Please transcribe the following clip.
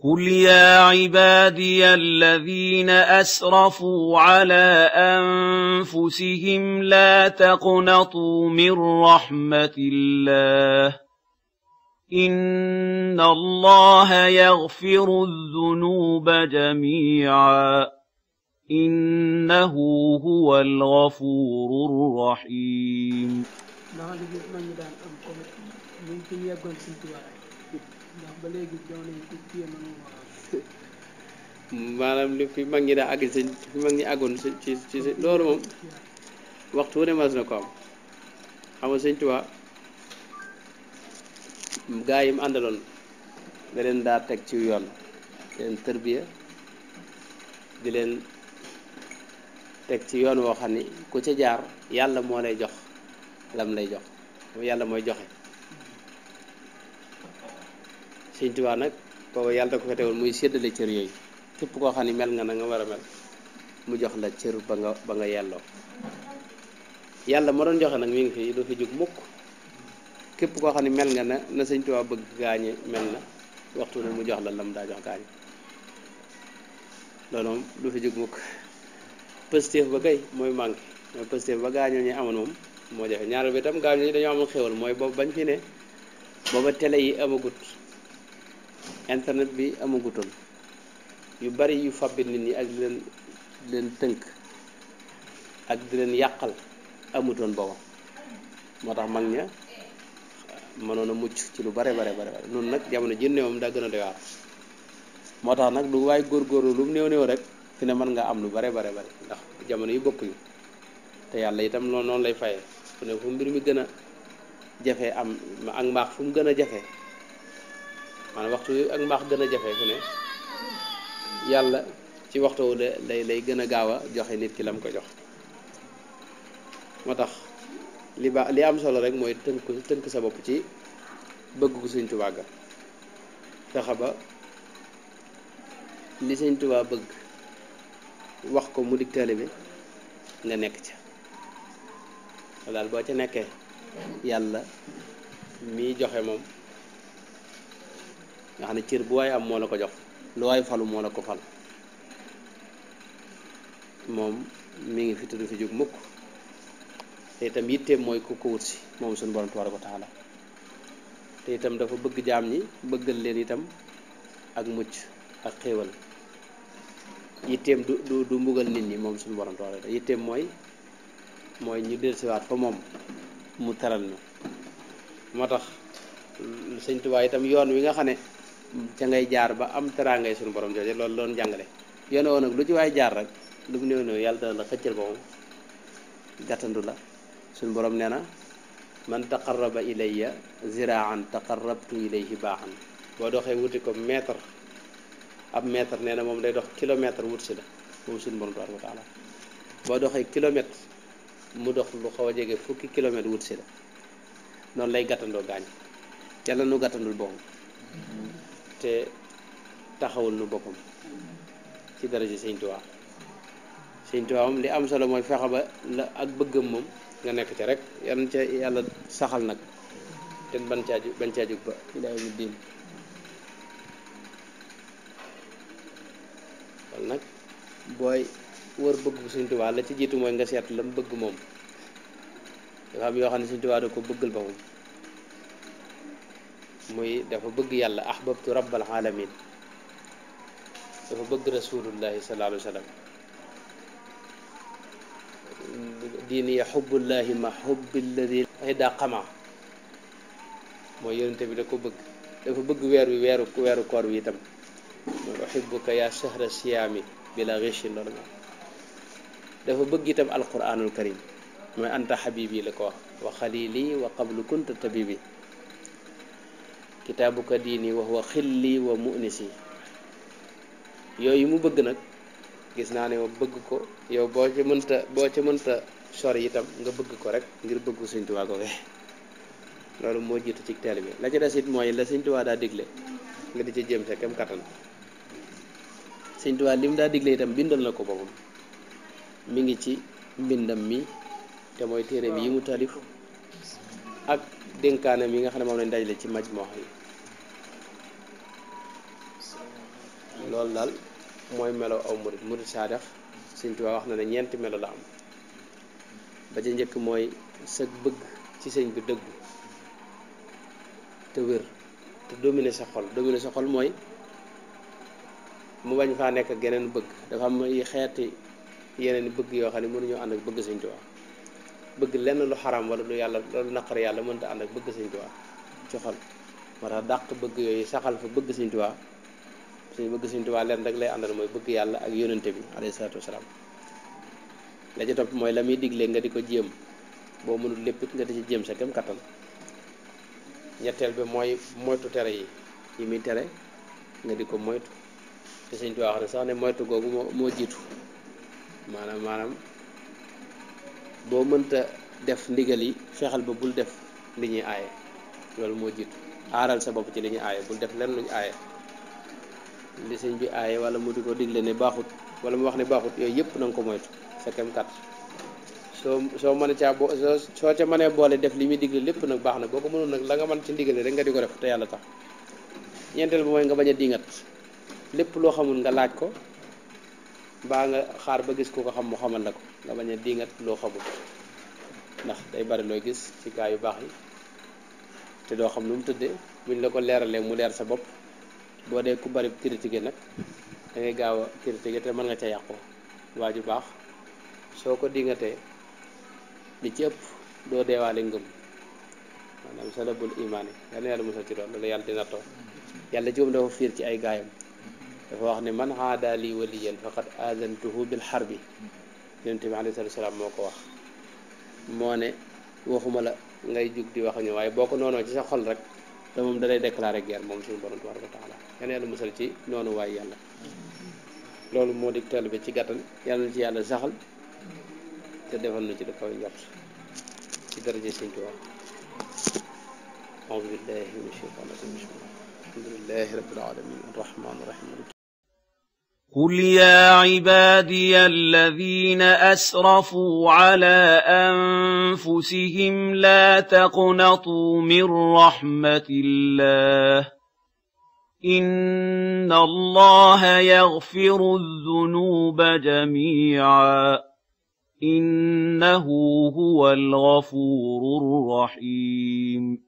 قل يا عبادي الذين أسرفوا على أنفسهم لا تقنطوا من رحمة الله إن الله يغفر الذنوب جميعا إنه هو الغفور الرحيم maanaam li fi mag ñi daa àgg si fi mag ñi àggoon si ci ci loolu moom waxtu wu ne na ko am xam nga sëñ Tuubaa gaa yi mu àndaloon da leen daa teg ci yoon di leen tërbiya di leen teg ci yoon woo xam ni ku ca jaar yàlla moo lay jox lam lay jox yàlla mooy joxe sëñ Tuubaa nak booba yalla da ko fetewul muy séddale cër yooyu képp koo xam ne mel nga nga wara mel mu jox la cër ba nga ba nga yelloo yalla mo doon joxe nak mi ngi fi do fi jug mukk kep ko xani mel nga na na sëñ Tuubaa bëgg gaañe mel na waxtu ne mu jox la lam da jox gañ loolu do fi jug mukk positif ba kay moy manki mooy positif ba gañu ñi amon mom mo jafe ñaaral bi tam gañu ñi dañu amul xewal moy bo bañ fi ne boba télé yi amagut internet bi amagutoon yu bari yu fàbbit nit ñi ak di leen tënk ak di leen yàqal amutoon booba moo tax mag ña mënoon a mucc ci lu bare bari bare noonu nag jamono jënne moom daa gën a doy moo tax nag lu waaye góorgóorlu lu mu néew néew rek fi ne mën nga am lu bare bare bare ndax jamono yi bokkuñu te yàlla itam noonu lay fayee fu ne fu mbir mi gën a jafe am ak mbaax fu mu gën a jafe maanaam waxtu ak mbaax gën a jafe fu ne yàlla ci waxtu wu lay lay gën a gaaw a joxe nit ki lam ko jox moo tax li ba li am solo rek mooy tënk tënk sa bopp ci bëgg gu Sëñ Tuubaa ga fexe ba li Sëñ Tuubaa bëgg wax ko mu dig taalibe bi nga nekk ca daal boo ca nekkee yàlla mii joxe moom nga xam ne cër bu waaye am moo la ko jox lu waay falu moo la ko fal moom mi ngi fi tudd fi jóg mukk te itam yitteem mooy ku ko wut si moom suñu borom tabaaraka wa taala te itam dafa bëgg jaam ñi bëggal leen itam ak mucc ak xéewal yitteem du du du mbugal nit ñi moom suñu borom tabaaraka wa taala yitteem mooy mooy ñu dellusiwaat fa moom mu taral na moo tax sëñ Tuubaa itam yoon wi nga xam ne ca ngay jaar ba am teraangay suñu borom jooje loolu doon jàngale yoon woo lu ci waay jaar rek lu mu néew néew yàlla dana la xëccal boobu gàttandu la suñ borom nee na man taqarraba ilayya ziraan taqarrabtu ilayhi baaxan boo doxee wuti ko mètre ab mètre nee na moom day dox kilomètre wut si la moom suñu borom tabaraka wa boo doxee kilomètre mu dox lu xaw a jege fukki kilomètre wut si la noonu lay gàttandoo gaañ yàlla nu gàttandul boobu te taxawul nu boppam ci daraja sëñ Tuubaa moom li am solo mooy fexe ba la ak bëggam moom nga nekk ca rek yan ca yàlla saxal nag te ban caa ju caa jug ba ilaa yawmi kon nag booy wër bëgg bu sëñ la ci jiitu mooy nga seet la mu moom dafa am yoo xam ne sëñ Tuubaa da ko bëggal boppam muy dafa bëgg yàlla ahbabtu rabbal alamin dafa bëgg rasulullahi sallallahu alayhi wa sallam diini ya xubbullahi ma xubbi alladi ida qama mooy yonente bi da ko bëgg dafa bëgg weer wi weeru weeru koor wi itam mooy uhibbuka ya shahra siyaami bila ghishin loolu ma dafa bëgg itam alquranul karim mooy anta xabibi la ko wax wa xalili wa qablu kunta tabibi kitabu kadini wa huwa khilli wa munisi yooyu mu bëgg nak gis na ne bëgg ko yow bo ci mënta bo ci mënta sori itam nga bëgg ko rek ngir bëgg Sëñ Tuubaa goge lolu mo jiitu ci teel bi la ci dasit moy la Sëñ Tuubaa da digle nga di ci jëm sa kam katan lim da diglé itam bindal nako bopam mi ngi ci bindam mi te moy téré bi yimu talif ak dénkaanam yi nga xam mom lañ dajlé ci maj yi loolu daal mooy melo aw murit murit saadax Sëñ Tuubaa wax na ne ñeenti melo la am ba ca njëkk mooy sag bëgg ci sëñ bi dëggu te wér te dominer sa xol dominer sa xol mooy mu bañ faa nekk geneen bëgg dafa am xeeti yeneen bëgg yoo xam ne mënuñoo ànd ak bëgg Sëñ Tuubaa bëgg lenn lu xaram wala lu yàlla loolu naqar yàlla mënta ànd ak bëgg Sëñ Tuubaa ci xol moo tax dàq bëgg yooyu saxal fa bëgg Sëñ Tuubaa suñu bëgg suñu tuba leen rek lay andal moy bëgg yàlla ak yónnante bi alayhi salatu wasalaam la ci topp mooy la muy diglee nga di ko jéem boo mënul lépp nga di ci jéem sa kem kattan ñetteel bi mooy moytu tere yi yi muy tere nga di ko moytu te suñu tuba wax sax ne moytu googu moo moo jiitu maanaam maanaam boo mënta def ndigal yi fexal ba bul def li ñuy aaye loolu moo jiitu aaral sa bopp ci li ñuy aaye bul def lenn luñ aaye li sëñ bi aaye wala mu diko diglé né ne wala mu wax ne baxut yoy yépp nang ko moytu sa kat so so mané a bo so soo ca mané bolé def limi diglé lépp nak baxna na mënon nak la nga man ci diglé rek nga diko def té yalla tax ñentel bu moy nga baña dingat lépp lo xamul nga laaj ko ba nga xaar ba gis ku ko xam mu xamal la nga baña dingat lo xamul ndax day bari looy gis ci gaay yu bax yi té do xam lu mu tuddé buñ la ko léralé mu lér sa bop boo dee ku bari critique nag da gaaw a critique te mën nga ca yàqu waa ju baax soo ko dingatee li ci ëpp doo deewaale ngëm maanaam salabul imaan yi yal yàlla musal ci doon loolu yàlla dina toog yàlla ci moom dafa fiir ci ay gaayam dafa wax ne man aada li waliyan faqad aadantuhu bil xar bi bi alayhi salaatu salaam moo ko wax moo ne waxuma la ngay jug di wax waaye boo ko noonoo ci sa xol rek te moom dalay lay déclaré moom suñu borom tabaraka wa taala yal na yàlla musal ci noonu waaye yàlla loolu moo di teel bi ci gàttal yàlla na ci yàlla saxal te defal na ci lu kaw njort ci daraje Sëñ Tuubaa aoudu billahi min asheytan rajim bismillah قل يا عبادي الذين أسرفوا على أنفسهم لا تقنطوا من رحمة الله إن الله يغفر الذنوب جميعا إنه هو الغفور الرحيم